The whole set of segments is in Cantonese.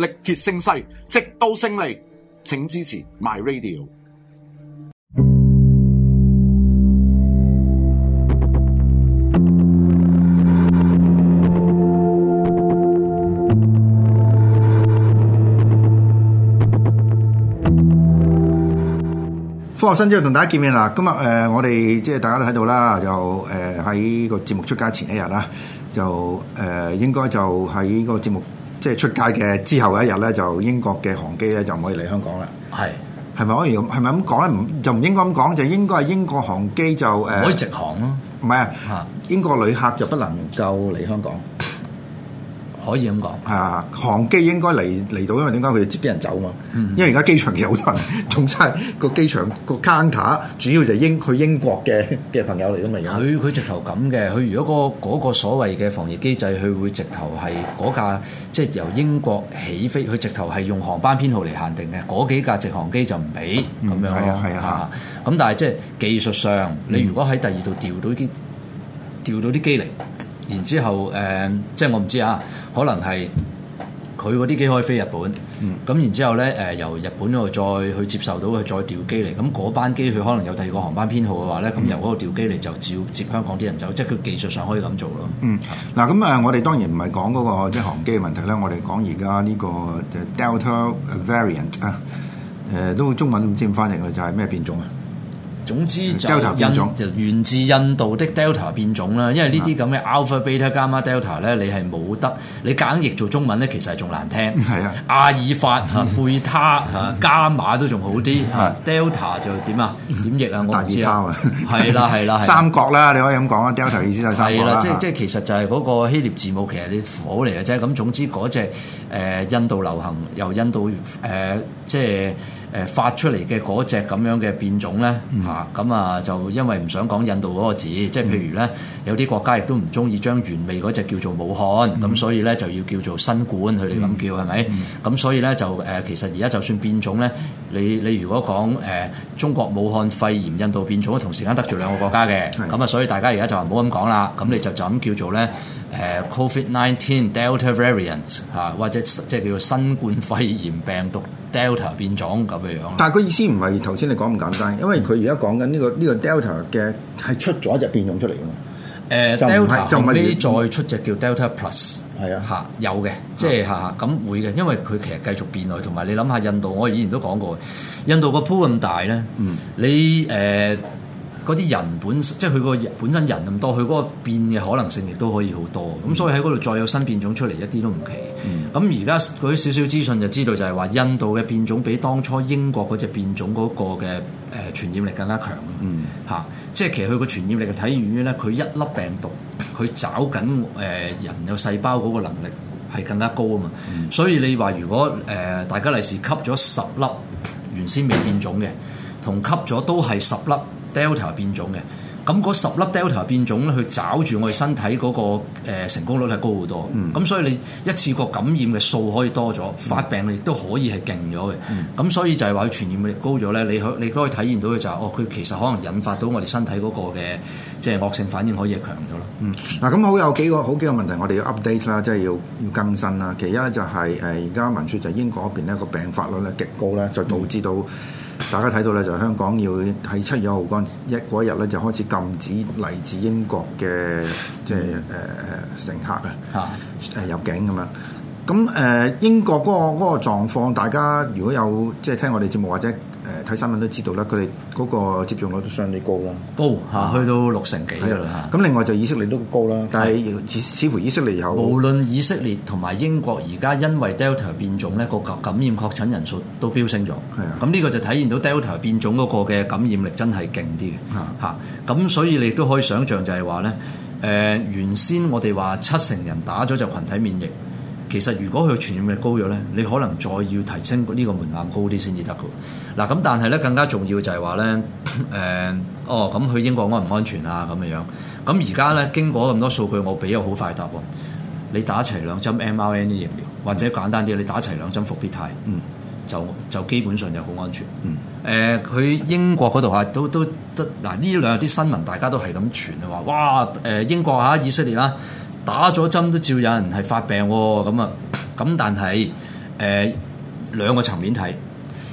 力竭聲勢，直到勝利。請支持 My Radio。科學新知同大家見面啦！今日誒、呃，我哋即係大家都喺度啦，就誒喺、呃、個節目出街前一日啦，就誒、呃、應該就喺個節目。即係出街嘅之後一日咧，就英國嘅航機咧就唔可以嚟香港啦。係係咪可以咁？係咪咁講咧？唔就唔應該咁講，就應該係英國航機就唔可以直航咯。唔係啊，啊是英國旅客就不能夠嚟香港。可以咁講，啊，航機應該嚟嚟到，因為點解佢要接啲人走嘛？嗯、因為而家機場有好多人，仲差個機場個卡卡，主要就係英去英國嘅嘅朋友嚟都咪有。佢佢直頭咁嘅，佢如果嗰、那、嗰、個那個所謂嘅防疫機制，佢會直頭係嗰架即係、就是、由英國起飛，佢直頭係用航班編號嚟限定嘅，嗰幾架直航機就唔俾咁樣。係啊係啊咁、啊啊啊、但係即係技術上，你、嗯、如果喺第二度調到啲調到啲機嚟。然之後，誒、呃，即係我唔知啊，可能係佢嗰啲機可以飛日本，咁、嗯、然之後咧，誒、呃，由日本嗰度再去接受到佢再調機嚟，咁嗰班機佢可能有第二個航班編號嘅話咧，咁、嗯、由嗰個調機嚟就照接香港啲人走，即係佢技術上可以咁做咯。嗯，嗱是，咁誒、啊那個就是，我哋當然唔係講嗰個即係航機嘅問題啦，我哋講而家呢個 Delta variant 啊，誒、呃，都中文唔知點翻譯咧，就係、是、咩變種啊？總之就印就源自印度的 Delta 變種啦，因為呢啲咁嘅 Alpha、Beta、Gamma、Delta 咧，你係冇得你簡易譯做中文咧，其實係仲難聽。係的啊，阿爾法、哈、啊、貝塔、哈伽馬都仲好啲的，Delta 就點啊點譯啊？我唔知啊。係啦係啦係。三角啦，你可以咁講啊，Delta 意思就係三角啦。的啊、即即其實就係嗰個希臘字母，其實啲符號嚟嘅啫。咁總之嗰隻誒印度流行，由印度誒、呃、即。誒發出嚟嘅嗰隻咁樣嘅變種咧嚇，咁、嗯、啊就因為唔想講印度嗰個字，嗯、即係譬如咧有啲國家亦都唔中意將原味嗰隻叫做武漢，咁、嗯、所以咧就要叫做新冠，佢哋咁叫係咪？咁、嗯嗯、所以咧就誒，其實而家就算變種咧，你你如果講誒、呃、中國武漢肺炎、印度變種，同時間得罪兩個國家嘅，咁啊的，所以大家而家就唔好咁講啦，咁你就就咁叫做咧。誒、uh, Covid Nineteen Delta variant 嚇、uh, 或者即係叫做新冠肺炎病毒 Delta 變種咁樣樣。但係個意思唔係頭先你講咁簡單，嗯、因為佢而家講緊呢個呢、呢個 Delta 嘅係出咗一隻變種出嚟嘅嘛。Uh, 就 Delta 就唔係再出隻叫 Delta Plus 係啊嚇，uh, 有嘅，即係嚇咁會嘅，因為佢其實繼續變嚟，同埋你諗下印度，我以前都講過，印度個 pool 咁大咧，嗯，你誒。Uh, 嗰啲人本身，即係佢個本身人咁多，佢嗰個變嘅可能性亦都可以好多。咁、嗯、所以喺嗰度再有新變種出嚟，一啲都唔奇。咁而家嗰啲少少資訊就知道，就係話印度嘅變種比當初英國嗰隻變種嗰個嘅誒傳染力更加強。嗯，吓、啊，即係其實佢個傳染力嘅體現於咧，佢一粒病毒佢找緊誒人有細胞嗰個能力係更加高啊嘛。嗯、所以你話，如果誒、呃、大家嚟時吸咗十粒原先未變種嘅，同吸咗都係十粒。Delta 變種嘅，咁嗰十粒 Delta 變種咧，佢找住我哋身體嗰、嗰個、呃、成功率係高好多，咁、嗯、所以你一次過感染嘅數可以多咗，嗯、發病亦都可以係勁咗嘅，咁、嗯、所以就係話佢傳染力高咗咧，你可你都可以體驗到嘅就係、是、哦，佢其實可能引發到我哋身體嗰個嘅即係惡性反應可以係強咗啦。嗯，嗱咁好，有幾個好幾個問題，我哋要 update 啦，即係要要更新啦。其一就係誒而家聞説就英國嗰邊咧個病發率咧極高啦，就導致到。大家睇到咧，就是、香港要喺七月一號嗰一一日咧，就開始禁止嚟自英國嘅即係誒乘客啊嚇誒入境咁樣，咁誒、呃，英國嗰、那個嗰、那個狀況，大家如果有即係、就是、聽我哋節目或者。誒睇新聞都知道啦，佢哋嗰個接種率都相對高咯，高嚇吧去到六成幾啦嚇。咁吧另外就以色列都高啦，吧但係似似乎以色列有無論以色列同埋英國而家因為 Delta 變種咧個吧感染確診人數都飆升咗，係啊吧。咁呢個就體現到 Delta 變種嗰個嘅感染力真係勁啲嘅嚇。咁吧所以你都可以想像就係話咧，誒、呃、原先我哋話七成人打咗就群體免疫。其實如果佢傳染力高咗咧，你可能再要提升呢個門檻高啲先至得噶。嗱咁，但係咧更加重要就係話咧，誒、呃，哦咁，去英國安唔安全啊？咁樣樣咁而家咧經過咁多數據，我俾個好快答案。你打齊兩針 mRNA 疫苗，或者簡單啲，你打齊兩針復必泰，嗯，就就基本上就好安全。嗯，誒、呃，佢英國嗰度嚇都都得嗱，呢兩日啲新聞大家都係咁傳啊話，哇！誒、呃，英國嚇、啊、以色列啦。啊打咗針都照有人係發病喎，咁啊，咁但係誒兩個層面睇，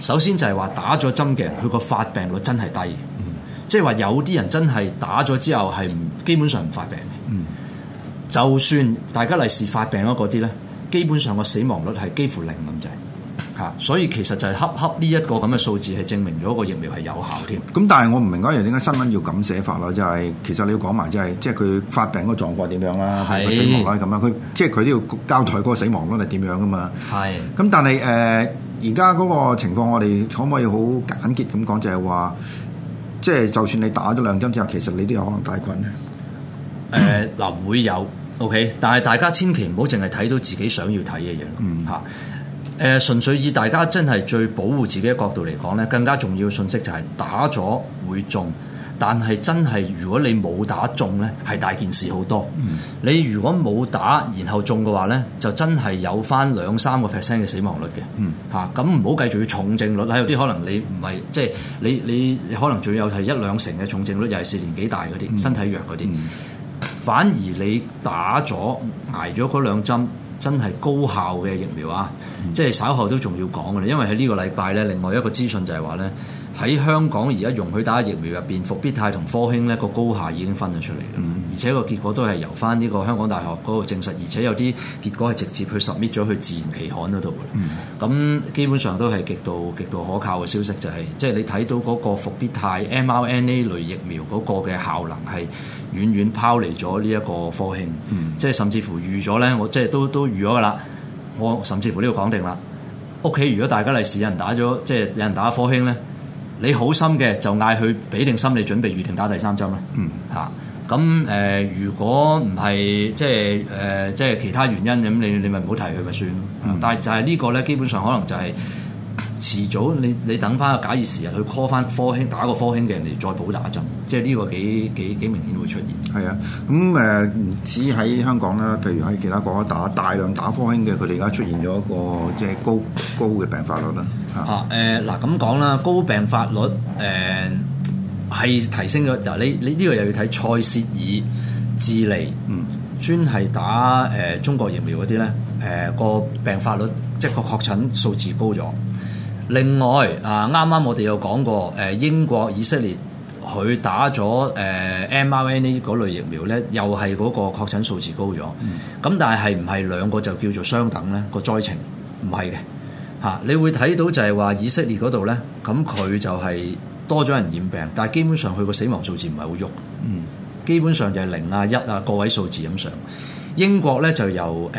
首先就係話打咗針嘅人，佢個發病率真係低，即係話有啲人真係打咗之後係基本上唔發病，嗯，就算大家例是發病嗰啲呢，基本上個死亡率係幾乎零咁滯。所以其實就係恰恰呢一個咁嘅數字係證明咗個疫苗係有效添、嗯。咁但係我唔明嗰樣點解新聞要咁寫法啦？就係、是、其實你要講埋、就是，即係即係佢發病嗰個狀況點樣啦、啊，係是死亡率咁啦、啊。佢即係佢都要交代嗰個死亡率點樣㗎、啊、嘛。係是。咁但係誒，而家嗰個情況，我哋可唔可以好簡潔咁講？就係話，即係就算你打咗兩針之後，其實你都有可能帶菌呢。誒、呃，嗱、呃，會有 OK，但係大家千祈唔好淨係睇到自己想要睇嘅嘢。嗯，吓。誒、呃、純粹以大家真係最保護自己嘅角度嚟講咧，更加重要嘅信息就係打咗會中，但係真係如果你冇打中咧，係大件事好多。嗯、你如果冇打然後中嘅話咧，就真係有翻兩三個 percent 嘅死亡率嘅。嚇咁唔好繼續要重症率，係有啲可能你唔係即係你你可能仲有係一兩成嘅重症率，又係年紀大嗰啲、嗯、身體弱嗰啲。嗯嗯、反而你打咗捱咗嗰兩針。真係高效嘅疫苗啊！即係稍後都仲要講嘅，因為喺呢個禮拜咧，另外一個資訊就係話咧。喺香港而家容許打疫苗入邊，復必泰同科興咧個高下已經分咗出嚟啦。Mm hmm. 而且個結果都係由翻呢個香港大學嗰度證實，而且有啲結果係直接去 submit 咗去自然期刊嗰度嘅。咁、mm hmm. 基本上都係極度極度可靠嘅消息，就是，就係即係你睇到嗰個復必泰 mRNA 類疫苗嗰個嘅效能係遠遠拋離咗呢一個科興，mm hmm. 即係甚至乎預咗咧，我即係都都預咗噶啦。我甚至乎呢個講定啦，屋企如果大家嚟試人打咗，即係有人打，有人打科興咧。你好心嘅就嗌佢俾定心理準備，預定打第三針啦。嗯吓咁誒，如果唔係即係誒，即係、呃、其他原因咁，你你咪唔好提佢咪算咯。嗯、但係就係呢個咧，基本上可能就係、是。遲早你你等翻個假設時日去 call 翻科興打個科興嘅人哋再補打針，即係呢個幾幾幾明顯會出現。係啊，咁誒唔止喺香港啦，譬如喺其他國家打大量打科興嘅，佢哋而家出現咗一個即係高高嘅病發率啦。啊誒嗱、啊，咁講啦，高病發率誒係、呃、提升咗嗱。你你呢個又要睇塞舌爾、智利，嗯專，專係打誒中國疫苗嗰啲咧，誒、呃、個病發率即係個確診數字高咗。另外啊，啱啱我哋有講過，誒、啊、英國、以色列佢打咗誒、啊、mRNA 嗰類疫苗咧，又係嗰個確診數字高咗。咁、嗯、但係係唔係兩個就叫做相等咧？個災情唔係嘅嚇。你會睇到就係話以色列嗰度咧，咁佢就係多咗人染病，但係基本上佢個死亡數字唔係好喐，嗯，基本上就係零啊一啊個位數字咁上。英國咧就由誒誒、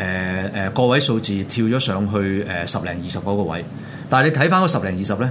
呃、個位數字跳咗上去誒、呃、十零二十嗰個位。但係你睇翻嗰十零二十咧，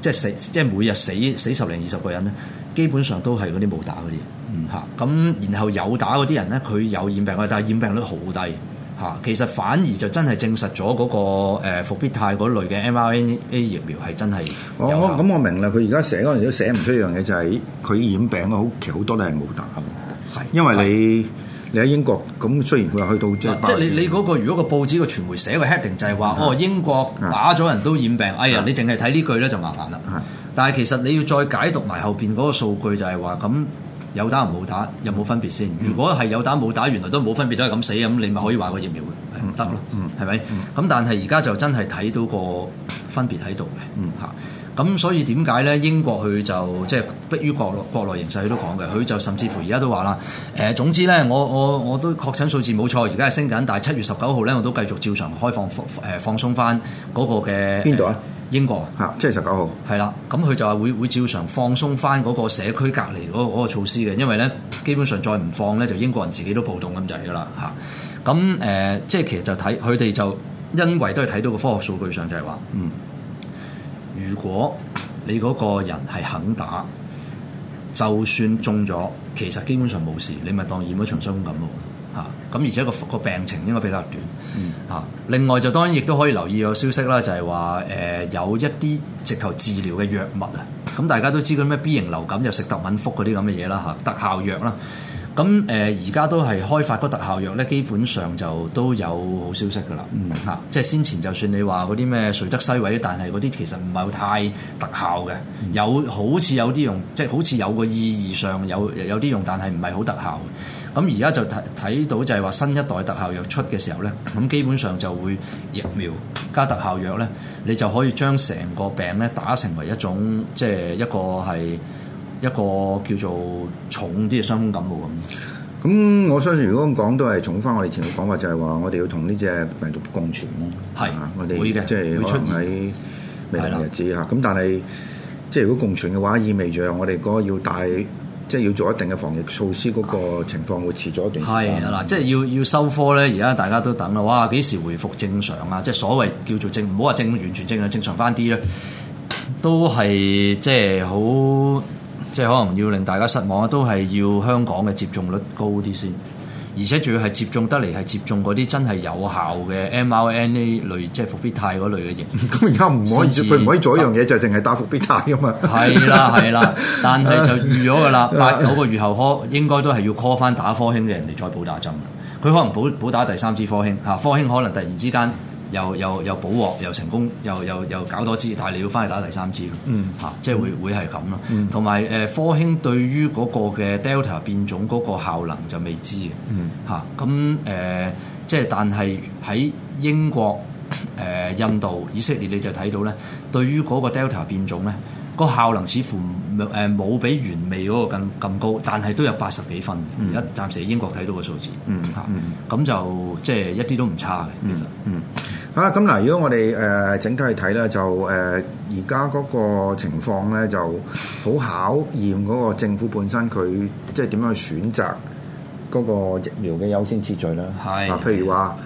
即係死，即係每日死死十零二十個人咧，基本上都係嗰啲冇打嗰啲，嚇咁。然後有打嗰啲人咧，佢有染病，但係染病率好低，嚇。其實反而就真係證實咗嗰、嗰個復、呃、必泰嗰類嘅 mRNA 疫苗係真係、哦。我咁我明啦，佢而家寫嗰陣都寫唔出一樣嘢，就係、是、佢染病嘅好，其實好多都係冇打嘅，是因為你。你喺英國咁，雖然佢話去到即係，即係你你、那、嗰個如果個報紙個傳媒寫個 heading 就係話，嗯、哦英國打咗人都染病，哎呀，嗯、你淨係睇呢句咧就麻煩啦。嗯、但係其實你要再解讀埋後邊嗰個數據就，就係話咁有打唔冇打有冇分別先？如果係有打冇打原來都冇分別都係咁死咁，你咪可以話個疫苗唔得咯？係咪？咁但係而家就真係睇到個分別喺度嘅。嗯嚇。咁所以點解咧？英國佢就即係、就是、迫於國內國內形勢，佢都講嘅。佢就甚至乎而家都話啦。誒、呃，總之咧，我我我都確診數字冇錯，而家係升緊。但係七月十九號咧，我都繼續照常開放誒放鬆翻嗰個嘅邊度啊？英國啊，七月十九號係啦。咁佢就話會會照常放鬆翻嗰個社區隔離嗰個措施嘅，因為咧基本上再唔放咧，就英國人自己都暴動咁就係㗎啦嚇。咁、啊、誒、呃，即係其實就睇佢哋就因為都係睇到個科學數據上就係、是、話嗯。如果你嗰個人係肯打，就算中咗，其實基本上冇事，你咪當染咗重傷風感冒咯嚇。咁而且個個病情應該比較短嚇。嗯、另外就當然亦都可以留意個消息啦，就係話誒有一啲直頭治療嘅藥物啊。咁大家都知嗰咩 B 型流感又食特敏福嗰啲咁嘅嘢啦嚇，特效藥啦。咁誒而家都係開發嗰特效藥咧，基本上就都有好消息㗎啦。嗯，嚇，即係先前就算你話嗰啲咩瑞德西韋，但係嗰啲其實唔係太特效嘅，嗯、有好似有啲用，即係好似有個意義上有有啲用，但係唔係好特效。咁而家就睇睇到就係話新一代特效藥出嘅時候咧，咁基本上就會疫苗加特效藥咧，你就可以將成個病咧打成為一種即係一個係。一個叫做重啲嘅傷風感冒咁。咁我相信如果咁講，都係重翻我哋前日講法，就係話我哋要同呢隻病毒共存咯。係的，的我哋即係的可能喺未來嘅日子吓。咁的但係即係如果共存嘅話，意味住我哋嗰個要帶即係要做一定嘅防疫措施嗰個情況，會遲咗一段時間。係啊的，嗱，即係要要收科咧，而家大家都等啦。哇，幾時回復正常啊？即係所謂叫做正，唔好話正完全正啊，正常翻啲咧，都係即係好。即係可能要令大家失望啊！都係要香港嘅接種率高啲先，而且仲要係接種得嚟係接種嗰啲真係有效嘅 mRNA 類，即係復必泰嗰類嘅嘢。咁而家唔可以，佢唔是可以做一樣嘢，就係淨係打復必泰啊嘛。係啦係啦，但係就預咗噶啦，八九 個月後可應該都係要 call 翻打科興嘅人哋再補打針。佢可能補補打第三支科興，吓科興可能突然之間。又又又補鑊又成功又又又搞多支，但係你要翻去打第三支咯，嚇、嗯，即係會、嗯、會係咁咯。同埋誒科興對於嗰個嘅 Delta 變種嗰個效能就未知嘅，嚇、嗯。咁誒、啊呃、即係但係喺英國、誒、呃、印度、以色列你就睇到咧，對於嗰個 Delta 變種咧。個效能似乎誒冇比原味嗰個咁高，但係都有八十幾分，而家、嗯、暫時英國睇到個數字嚇，咁就即係一啲都唔差嘅。其實，嗯，好啦，咁嗱，如果我哋誒整體去睇咧，就誒而家嗰個情況咧，就好考驗嗰個政府本身佢即係點樣去選擇嗰個疫苗嘅優先次序啦。係、嗯，譬、嗯、如話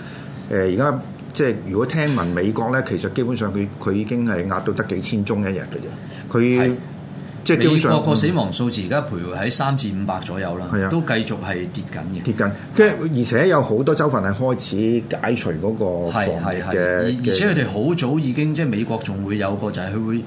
誒而家。即係如果聽聞美國咧，其實基本上佢佢已經係壓到得幾千宗一日嘅啫。佢的即係基本上個死亡數字而家徘徊喺三至五百左右啦，的都繼續係跌緊嘅。跌緊，跟住而且有好多州份係開始解除嗰個防疫嘅，而且佢哋好早已經即係美國仲會有個就係佢會。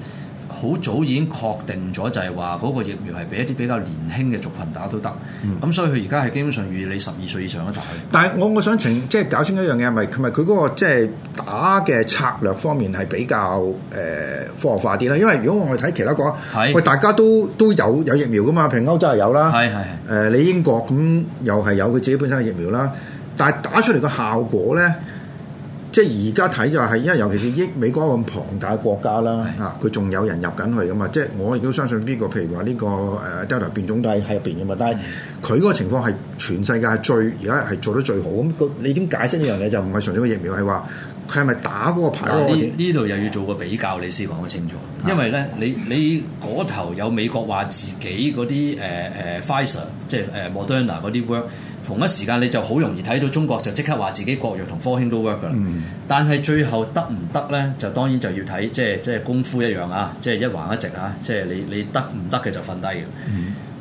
好早已經確定咗，就係話嗰個疫苗係俾一啲比較年輕嘅族群打都得。咁、嗯、所以佢而家係基本上預你十二歲以上都打、嗯。但係我我想請即係、就是、搞清一樣嘢，係咪佢咪佢嗰個即係、就是、打嘅策略方面係比較誒、呃、科學化啲啦。因為如果我哋睇其他國家，喂是大家都都有有疫苗噶嘛，譬如歐洲係有啦，誒、呃、你英國咁、嗯、又係有佢自己本身嘅疫苗啦，但係打出嚟嘅效果咧。即係而家睇就係，因為尤其是美國咁龐大嘅國家啦，啊的，佢仲有人入緊去噶嘛？即係我亦都相信呢、呢個，譬如話呢個誒 Delta 變種都喺入邊噶嘛。但係佢嗰個情況係全世界最而家係做得最好咁。你點解釋呢樣嘢就唔係純粹個疫苗係話係咪打嗰個牌？呢度又要做個比較，你先講得清楚。的因為咧，你你嗰頭有美國話自己嗰啲誒誒 Pfizer 即係誒、uh, Moderna 嗰啲 work。同一時間你就好容易睇到中國就即刻話自己國藥同科興都 work 噶啦，嗯、但係最後得唔得咧？就當然就要睇即係即係功夫一樣啊！即係一橫一直啊！即係你你得唔得嘅就瞓低嘅。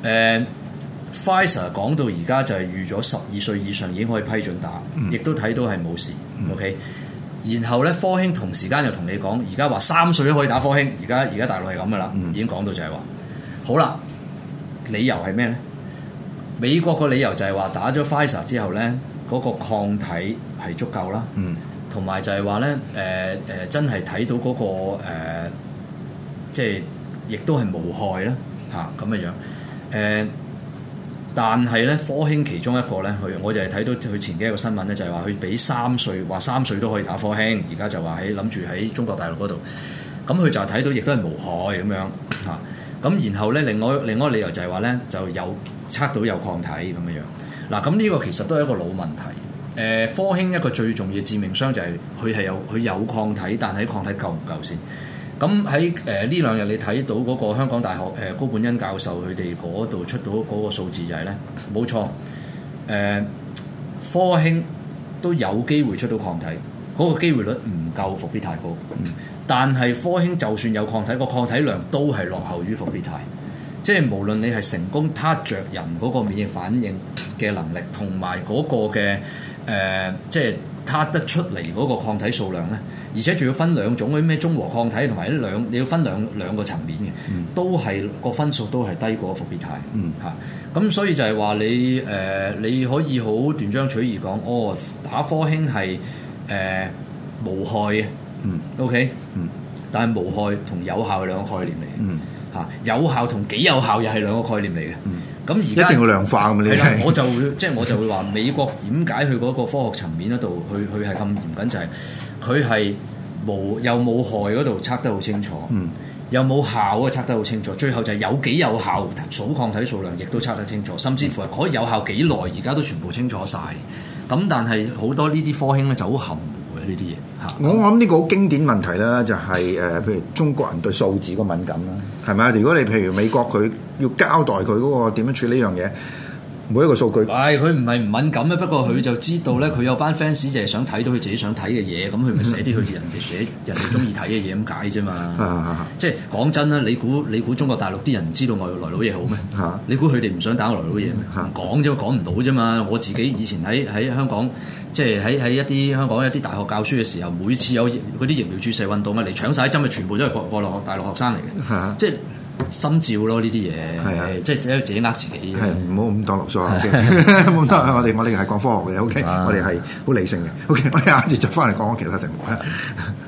誒，Pfizer 講到而家就係預咗十二歲以上已經可以批准打，亦、嗯、都睇到係冇事。嗯、OK，然後咧科興同時間又同你講，而家話三歲都可以打科興，而家而家大陸係咁噶啦，嗯、已經講到就係話好啦，理由係咩咧？美國個理由就係話打咗 Pfizer 之後咧，嗰、那個抗體係足夠啦，同埋、嗯、就係話咧，誒、呃、誒、呃、真係睇到嗰、那個、呃、即係亦都係無害啦，嚇咁嘅樣。誒、呃，但係咧，科興其中一個咧，佢我就係睇到佢前幾日個新聞咧，就係話佢俾三歲，話三歲都可以打科興，而家就話喺諗住喺中國大陸嗰度，咁佢就係睇到亦都係無害咁樣嚇。啊啊。咁然後咧，另外另外一個理由就係話咧，就有測到有抗體咁樣樣。嗱，咁呢個其實都係一個老問題。誒、呃，科興一個最重要致命傷就係佢係有佢有抗體，但係抗體夠唔夠先？咁喺誒呢兩日你睇到嗰個香港大學誒、呃、高本恩教授佢哋嗰度出到嗰個數字就係、是、咧，冇錯。誒、呃，科興都有機會出到抗體，嗰、那個機會率唔夠復必泰高。嗯但係科興就算有抗體，個抗體量都係落後於復必泰。即係無論你係成功撻着人嗰個免疫反應嘅能力，同埋嗰個嘅誒、呃，即係撻得出嚟嗰個抗體數量咧，而且仲要分兩種啲咩中和抗體同埋一兩，你要分兩兩個層面嘅，都係個分數都係低過復必泰嚇。咁、嗯、所以就係話你誒、呃，你可以好斷章取義講，哦，打科興係誒、呃、無害嘅。嗯，OK，嗯，但係無害同有效係兩個概念嚟。嗯，吓、啊、有效同幾有效又係兩個概念嚟嘅。嗯，咁而家一定要量化，咁你係，我就即係、就是、我就會話美國點解佢嗰個科學層面嗰度，佢佢係咁嚴謹，就係佢係無有冇害嗰度測得好清楚，嗯，有冇效啊，測得好清楚，最後就係有幾有效，數抗體數量亦都測得清楚，甚至乎係可以有效幾耐，而家都全部清楚晒，咁但係好多呢啲科興咧就好含。呢啲嘢嚇，我我諗呢個好經典問題啦，就係誒，譬如中國人對數字個敏感啦，係咪啊？如果你譬如美國佢要交代佢嗰個點樣處理呢樣嘢，每一個數據，係佢唔係唔敏感咩？不過佢就知道咧，佢有班 fans 就係想睇到佢自己想睇嘅嘢，咁佢咪寫啲佢人哋寫人哋中意睇嘅嘢咁解啫嘛。 即係講真啦，你估你估中國大陸啲人知道外來佬嘢好咩？嚇！ 你估佢哋唔想打外來佬嘢咩？講啫嘛，講唔到啫嘛。我自己以前喺喺香港。即係喺喺一啲香港一啲大學教書嘅時候，每次有嗰啲疫苗注射運動啊，嚟搶晒一針，咪全部都係國國內學大陸學生嚟嘅。即係心照咯呢啲嘢。係啊，即係自己呃自己。係唔好咁多囉嗦冇得我哋我哋係講科學嘅，OK、啊。我哋係好理性嘅，OK。我哋下次再翻嚟講,講,講其他題目。